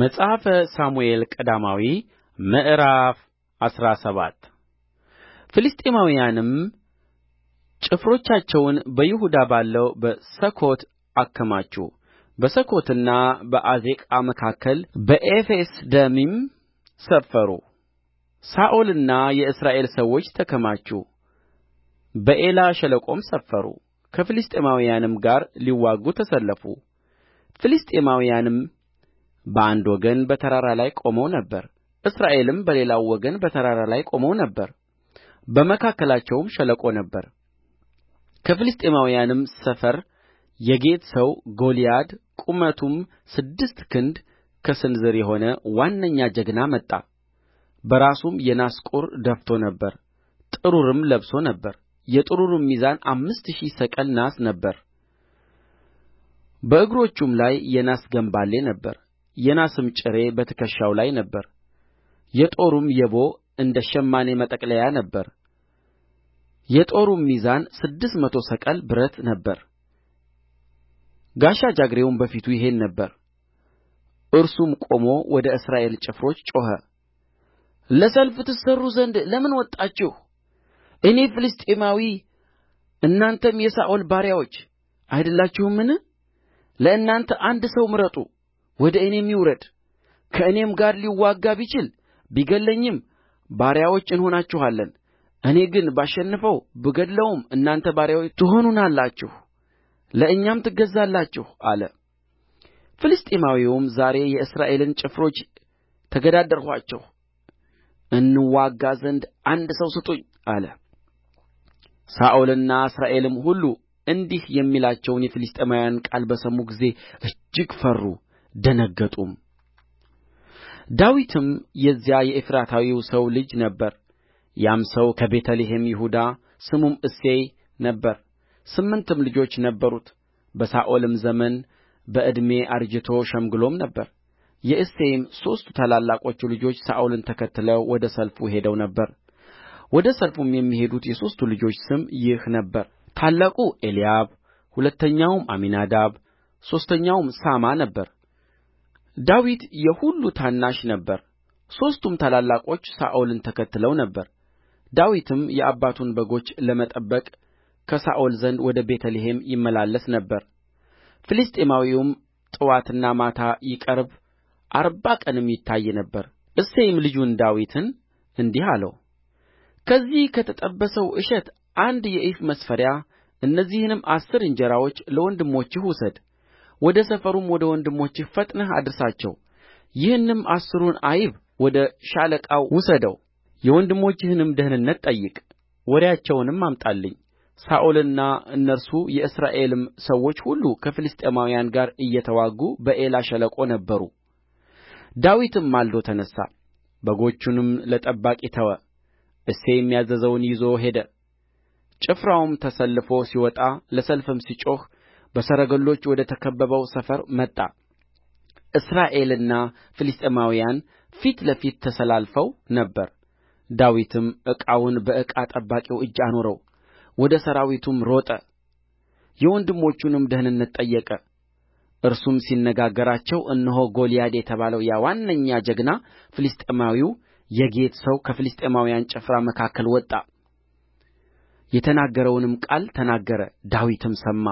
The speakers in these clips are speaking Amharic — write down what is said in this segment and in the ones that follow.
መጽሐፈ ሳሙኤል ቀዳማዊ ምዕራፍ አስራ ሰባት ፍልስጥኤማውያንም ጭፍሮቻቸውን በይሁዳ ባለው በሰኮት አከማቹ። በሰኮትና በዓዜቃ መካከል በኤፌስደሚም ሰፈሩ። ሳኦልና የእስራኤል ሰዎች ተከማቹ፣ በኤላ ሸለቆም ሰፈሩ። ከፍልስጥኤማውያንም ጋር ሊዋጉ ተሰለፉ። ፍልስጥኤማውያንም በአንድ ወገን በተራራ ላይ ቆመው ነበር እስራኤልም በሌላው ወገን በተራራ ላይ ቆመው ነበር በመካከላቸውም ሸለቆ ነበረ ከፍልስጥኤማውያንም ሰፈር የጌት ሰው ጎልያድ ቁመቱም ስድስት ክንድ ከስንዝር የሆነ ዋነኛ ጀግና መጣ በራሱም የናስ ቁር ደፍቶ ነበር ጥሩርም ለብሶ ነበር የጥሩሩም ሚዛን አምስት ሺህ ሰቀል ናስ ነበረ በእግሮቹም ላይ የናስ ገምባሌ ነበር የናስም ጭሬ በትከሻው ላይ ነበረ የጦሩም የቦ እንደ ሸማኔ መጠቅለያ ነበረ የጦሩም ሚዛን ስድስት መቶ ሰቅል ብረት ነበረ ጋሻ ጃግሬውም በፊቱ ይሄድ ነበር እርሱም ቆሞ ወደ እስራኤል ጭፍሮች ጮኸ ለሰልፍ ትሠሩ ዘንድ ለምን ወጣችሁ እኔ ፍልስጥኤማዊ እናንተም የሳኦል ባሪያዎች አይደላችሁምን ለእናንተ አንድ ሰው ምረጡ ወደ እኔም ይውረድ ከእኔም ጋር ሊዋጋ ቢችል ቢገድለኝም ባሪያዎች እንሆናችኋለን እኔ ግን ባሸንፈው ብገድለውም እናንተ ባሪያዎች ትሆኑናላችሁ ለእኛም ትገዛላችሁ አለ ፍልስጥኤማዊውም ዛሬ የእስራኤልን ጭፍሮች ተገዳደርኋቸው እንዋጋ ዘንድ አንድ ሰው ስጡኝ አለ ሳኦልና እስራኤልም ሁሉ እንዲህ የሚላቸውን የፍልስጥኤማውያንን ቃል በሰሙ ጊዜ እጅግ ፈሩ ደነገጡም ዳዊትም የዚያ የኤፍራታዊው ሰው ልጅ ነበረ ያም ሰው ከቤተ ልሔም ይሁዳ ስሙም እሴይ ነበረ ስምንትም ልጆች ነበሩት በሳኦልም ዘመን በዕድሜ አርጅቶ ሸምግሎም ነበር የእሴይም ሦስቱ ታላላቆቹ ልጆች ሳኦልን ተከትለው ወደ ሰልፉ ሄደው ነበር ወደ ሰልፉም የሚሄዱት የሦስቱ ልጆች ስም ይህ ነበረ ታላቁ ኤልያብ ሁለተኛውም አሚናዳብ ሦስተኛውም ሣማ ነበረ ዳዊት የሁሉ ታናሽ ነበረ ሦስቱም ታላላቆች ሳኦልን ተከትለው ነበር ዳዊትም የአባቱን በጎች ለመጠበቅ ከሳኦል ዘንድ ወደ ቤተ ልሔም ይመላለስ ነበር ፍልስጥኤማዊውም ጥዋትና ማታ ይቀርብ አርባ ቀንም ይታይ ነበር እሴይም ልጁን ዳዊትን እንዲህ አለው ከዚህ ከተጠበሰው እሸት አንድ የኢፍ መስፈሪያ እነዚህንም አሥር እንጀራዎች ለወንድሞችህ ውሰድ ወደ ሰፈሩም ወደ ወንድሞችህ ፈጥነህ አድርሳቸው ይህንም አሥሩን አይብ ወደ ሻለቃው ውሰደው የወንድሞችህንም ደኅንነት ጠይቅ ወሬአቸውንም አምጣልኝ ሳኦልና እነርሱ የእስራኤልም ሰዎች ሁሉ ከፍልስጥኤማውያን ጋር እየተዋጉ በዔላ ሸለቆ ነበሩ ዳዊትም ማልዶ ተነሣ በጎቹንም ለጠባቂ ተወ እሴይም ያዘዘውን ይዞ ሄደ ጭፍራውም ተሰልፎ ሲወጣ ለሰልፍም ሲጮኽ በሰረገሎች ወደ ተከበበው ሰፈር መጣ እስራኤልና ፍልስጥኤማውያን ፊት ለፊት ተሰላልፈው ነበር ዳዊትም ዕቃውን በዕቃ ጠባቂው እጅ አኖረው ወደ ሠራዊቱም ሮጠ የወንድሞቹንም ደኅንነት ጠየቀ እርሱም ሲነጋገራቸው እነሆ ጎልያድ የተባለው ያ ዋነኛ ጀግና ፍልስጥኤማዊው የጌት ሰው ከፍልስጥኤማውያን ጭፍራ መካከል ወጣ የተናገረውንም ቃል ተናገረ ዳዊትም ሰማ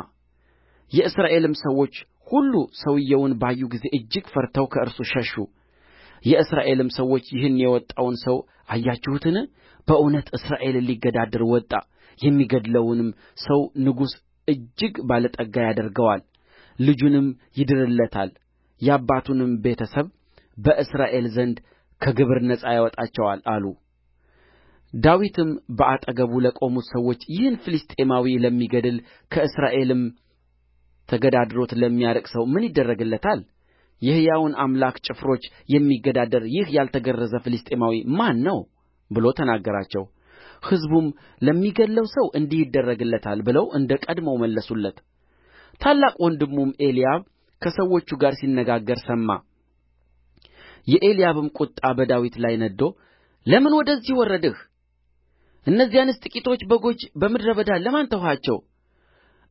የእስራኤልም ሰዎች ሁሉ ሰውዮውን ባዩ ጊዜ እጅግ ፈርተው ከእርሱ ሸሹ የእስራኤልም ሰዎች ይህን የወጣውን ሰው አያችሁትን በእውነት እስራኤልን ሊገዳደር ወጣ የሚገድለውንም ሰው ንጉሥ እጅግ ባለጠጋ ያደርገዋል ልጁንም ይድርለታል የአባቱንም ቤተ ሰብ በእስራኤል ዘንድ ከግብር ነጻ ያወጣቸዋል አሉ ዳዊትም በአጠገቡ ለቆሙት ሰዎች ይህን ፍልስጥኤማዊ ለሚገድል ከእስራኤልም ተገዳድሮት ለሚያርቅ ሰው ምን ይደረግለታል የሕያውን አምላክ ጭፍሮች የሚገዳደር ይህ ያልተገረዘ ፍልስጥኤማዊ ማን ነው ብሎ ተናገራቸው ሕዝቡም ለሚገድለው ሰው እንዲህ ይደረግለታል ብለው እንደ ቀድሞው መለሱለት ታላቅ ወንድሙም ኤልያብ ከሰዎቹ ጋር ሲነጋገር ሰማ የኤልያብም ቍጣ በዳዊት ላይ ነድዶ ለምን ወደዚህ ወረድህ እነዚያንስ ጥቂቶች በጎች በምድረ በዳ ለማን ተውሃቸው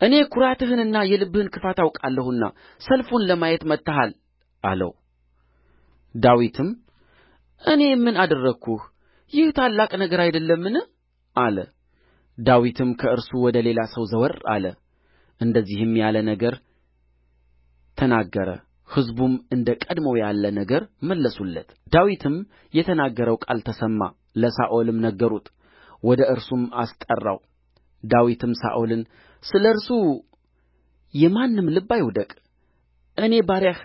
እኔ ኵራትህንና የልብህን ክፋት አውቃለሁና ሰልፉን ለማየት መጥተሃል አለው ዳዊትም እኔ ምን አደረግሁ ይህ ታላቅ ነገር አይደለምን አለ ዳዊትም ከእርሱ ወደ ሌላ ሰው ዘወር አለ እንደዚህም ያለ ነገር ተናገረ ሕዝቡም እንደ ቀድሞው ያለ ነገር መለሱለት ዳዊትም የተናገረው ቃል ተሰማ ለሳኦልም ነገሩት ወደ እርሱም አስጠራው ዳዊትም ሳኦልን ስለ እርሱ የማንም ልብ አይውደቅ እኔ ባሪያህ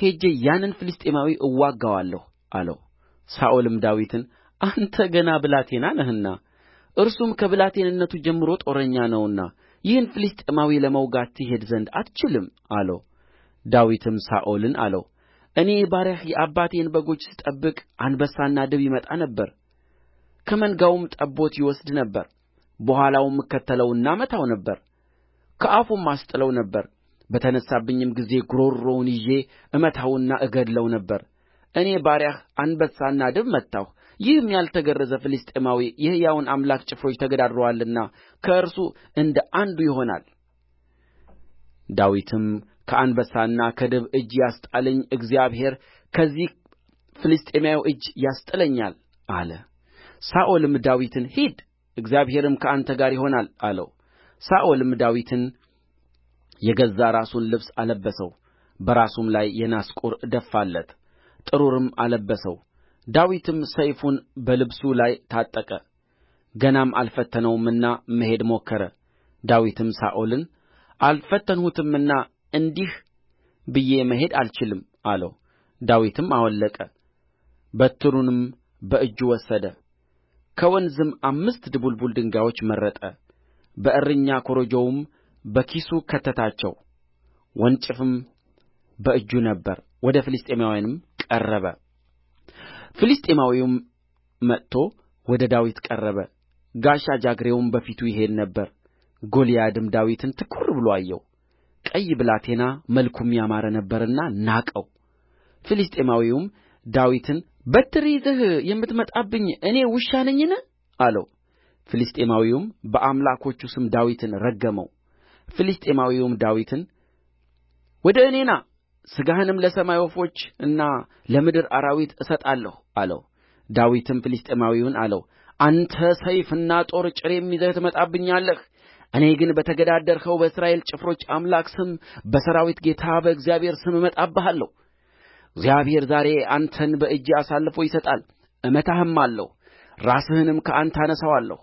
ሄጄ ያንን ፍልስጥኤማዊ እዋጋዋለሁ አለው ሳኦልም ዳዊትን አንተ ገና ብላቴና ነህና እርሱም ከብላቴንነቱ ጀምሮ ጦረኛ ነውና ይህን ፍልስጥኤማዊ ለመውጋት ትሄድ ዘንድ አትችልም አለው ዳዊትም ሳኦልን አለው እኔ ባሪያህ የአባቴን በጎች ስጠብቅ አንበሳና ድብ ይመጣ ነበር ከመንጋውም ጠቦት ይወስድ ነበር በኋላውም እከተለውና እመታው ነበር ከአፉም አስጥለው ነበር በተነሣብኝም ጊዜ ጕሮሮውን ይዤ እመታውና እገድለው ነበር እኔ ባሪያህ አንበሳና ድብ መታሁ ይህም ያልተገረዘ ፍልስጥኤማዊ የሕያውን አምላክ ጭፍሮች ተገዳድሮአልና ከእርሱ እንደ አንዱ ይሆናል ዳዊትም ከአንበሳና ከድብ እጅ ያስጣለኝ እግዚአብሔር ከዚህ ፍልስጥኤማዊ እጅ ያስጥለኛል አለ ሳኦልም ዳዊትን ሂድ እግዚአብሔርም ከአንተ ጋር ይሆናል አለው ሳኦልም ዳዊትን የገዛ ራሱን ልብስ አለበሰው በራሱም ላይ የናስ ቁር ደፋለት ጥሩርም አለበሰው ዳዊትም ሰይፉን በልብሱ ላይ ታጠቀ ገናም አልፈተነውምና መሄድ ሞከረ ዳዊትም ሳኦልን አልፈተንሁትምና እንዲህ ብዬ መሄድ አልችልም አለው ዳዊትም አወለቀ በትሩንም በእጁ ወሰደ ከወንዝም አምስት ድቡልቡል ድንጋዮች መረጠ በእረኛ ኮረጆውም በኪሱ ከተታቸው ወንጭፍም በእጁ ነበረ ወደ ፍልስጥኤማውያንም ቀረበ ፍልስጥኤማዊውም መጥቶ ወደ ዳዊት ቀረበ ጋሻ ጃግሬውም በፊቱ ይሄድ ነበር ጎልያድም ዳዊትን ትኵር ብሎ አየው ቀይ ብላቴና መልኩም ያማረ ነበርና ናቀው ፍልስጥኤማዊውም ዳዊትን በትር ይዘህ የምትመጣብኝ እኔ ውሻ ነኝን አለው ፍልስጥኤማዊውም በአምላኮቹ ስም ዳዊትን ረገመው ፍልስጥኤማዊውም ዳዊትን ወደ እኔ ና ሥጋህንም ለሰማይ ወፎችና ለምድር አራዊት እሰጣለሁ አለው ዳዊትም ፍልስጥኤማዊውን አለው አንተ ሰይፍና ጦር ጭሬም ይዘህ ትመጣብኛለህ እኔ ግን በተገዳደርኸው በእስራኤል ጭፍሮች አምላክ ስም በሠራዊት ጌታ በእግዚአብሔር ስም እመጣብሃለሁ እግዚአብሔር ዛሬ አንተን በእጄ አሳልፎ ይሰጣል እመታህማለሁ ራስህንም ከአንተ አነሣዋለሁ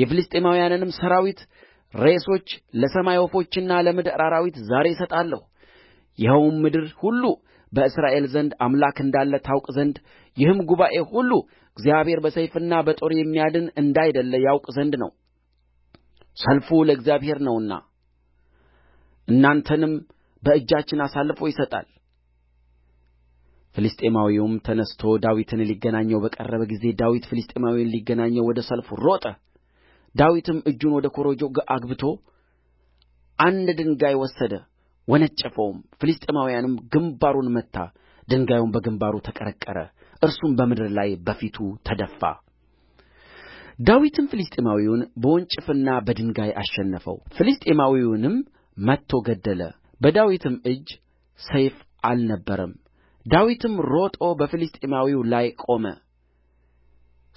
የፍልስጥኤማውያንንም ሠራዊት ሬሶች ለሰማይ ወፎችና ለምድር አራዊት ዛሬ እሰጣለሁ ይኸውም ምድር ሁሉ በእስራኤል ዘንድ አምላክ እንዳለ ታውቅ ዘንድ ይህም ጉባኤ ሁሉ እግዚአብሔር በሰይፍና በጦር የሚያድን እንዳይደለ ያውቅ ዘንድ ነው ሰልፉ ለእግዚአብሔር ነውና እናንተንም በእጃችን አሳልፎ ይሰጣል ፍልስጥኤማዊውም ተነሥቶ ዳዊትን ሊገናኘው በቀረበ ጊዜ ዳዊት ፍልስጥኤማዊውን ሊገናኘው ወደ ሰልፉ ሮጠ። ዳዊትም እጁን ወደ ኮረጆው አግብቶ አንድ ድንጋይ ወሰደ፣ ወነጨፈውም። ፍልስጥኤማውያንም ግንባሩን መታ፣ ድንጋዩም በግንባሩ ተቀረቀረ፣ እርሱም በምድር ላይ በፊቱ ተደፋ። ዳዊትም ፍልስጥኤማዊውን በወንጭፍና በድንጋይ አሸነፈው፣ ፍልስጥኤማዊውንም መትቶ ገደለ። በዳዊትም እጅ ሰይፍ አልነበረም። ዳዊትም ሮጦ በፍልስጥኤማዊው ላይ ቆመ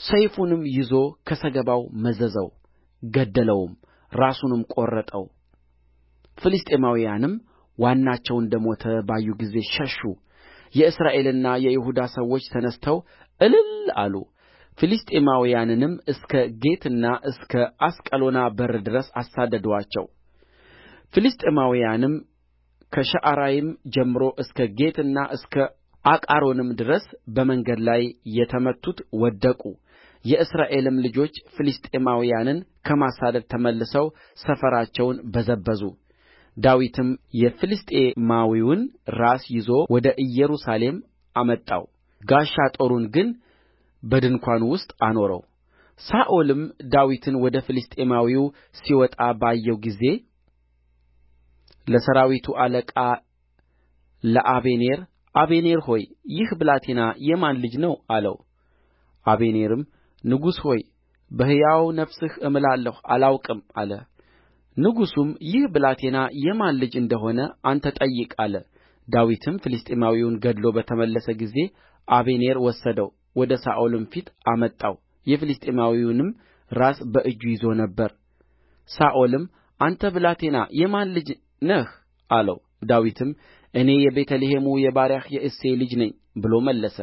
ሰይፉንም ይዞ ከሰገባው መዘዘው ገደለውም ራሱንም ቈረጠው ፍልስጥኤማውያንም ዋናቸው እንደ ሞተ ባዩ ጊዜ ሸሹ የእስራኤልና የይሁዳ ሰዎች ተነሥተው እልል አሉ ፍልስጥኤማውያንንም እስከ ጌትና እስከ አስቀሎና በር ድረስ አሳደዱአቸው ፍልስጥኤማውያንም ከሸዓራይም ጀምሮ እስከ ጌትና እስከ አቃሮንም ድረስ በመንገድ ላይ የተመቱት ወደቁ የእስራኤልም ልጆች ፍልስጥኤማውያንን ከማሳደድ ተመልሰው ሰፈራቸውን በዘበዙ ዳዊትም የፍልስጥኤማዊውን ራስ ይዞ ወደ ኢየሩሳሌም አመጣው ጋሻ ጦሩን ግን በድንኳኑ ውስጥ አኖረው ሳኦልም ዳዊትን ወደ ፍልስጥኤማዊው ሲወጣ ባየው ጊዜ ለሠራዊቱ አለቃ ለአበኔር አበኔር ሆይ ይህ ብላቴና የማን ልጅ ነው አለው አበኔርም ንጉሥ ሆይ በሕያው ነፍስህ እምላለሁ አላውቅም አለ ንጉሡም ይህ ብላቴና የማን ልጅ እንደ ሆነ አንተ ጠይቅ አለ ዳዊትም ፍልስጥኤማዊውን ገድሎ በተመለሰ ጊዜ አበኔር ወሰደው ወደ ሳኦልም ፊት አመጣው የፍልስጥኤማዊውንም ራስ በእጁ ይዞ ነበር ሳኦልም አንተ ብላቴና የማን ልጅ ነህ አለው ዳዊትም እኔ የቤተ ልሔሙ የባሪያህ የእሴይ ልጅ ነኝ ብሎ መለሰ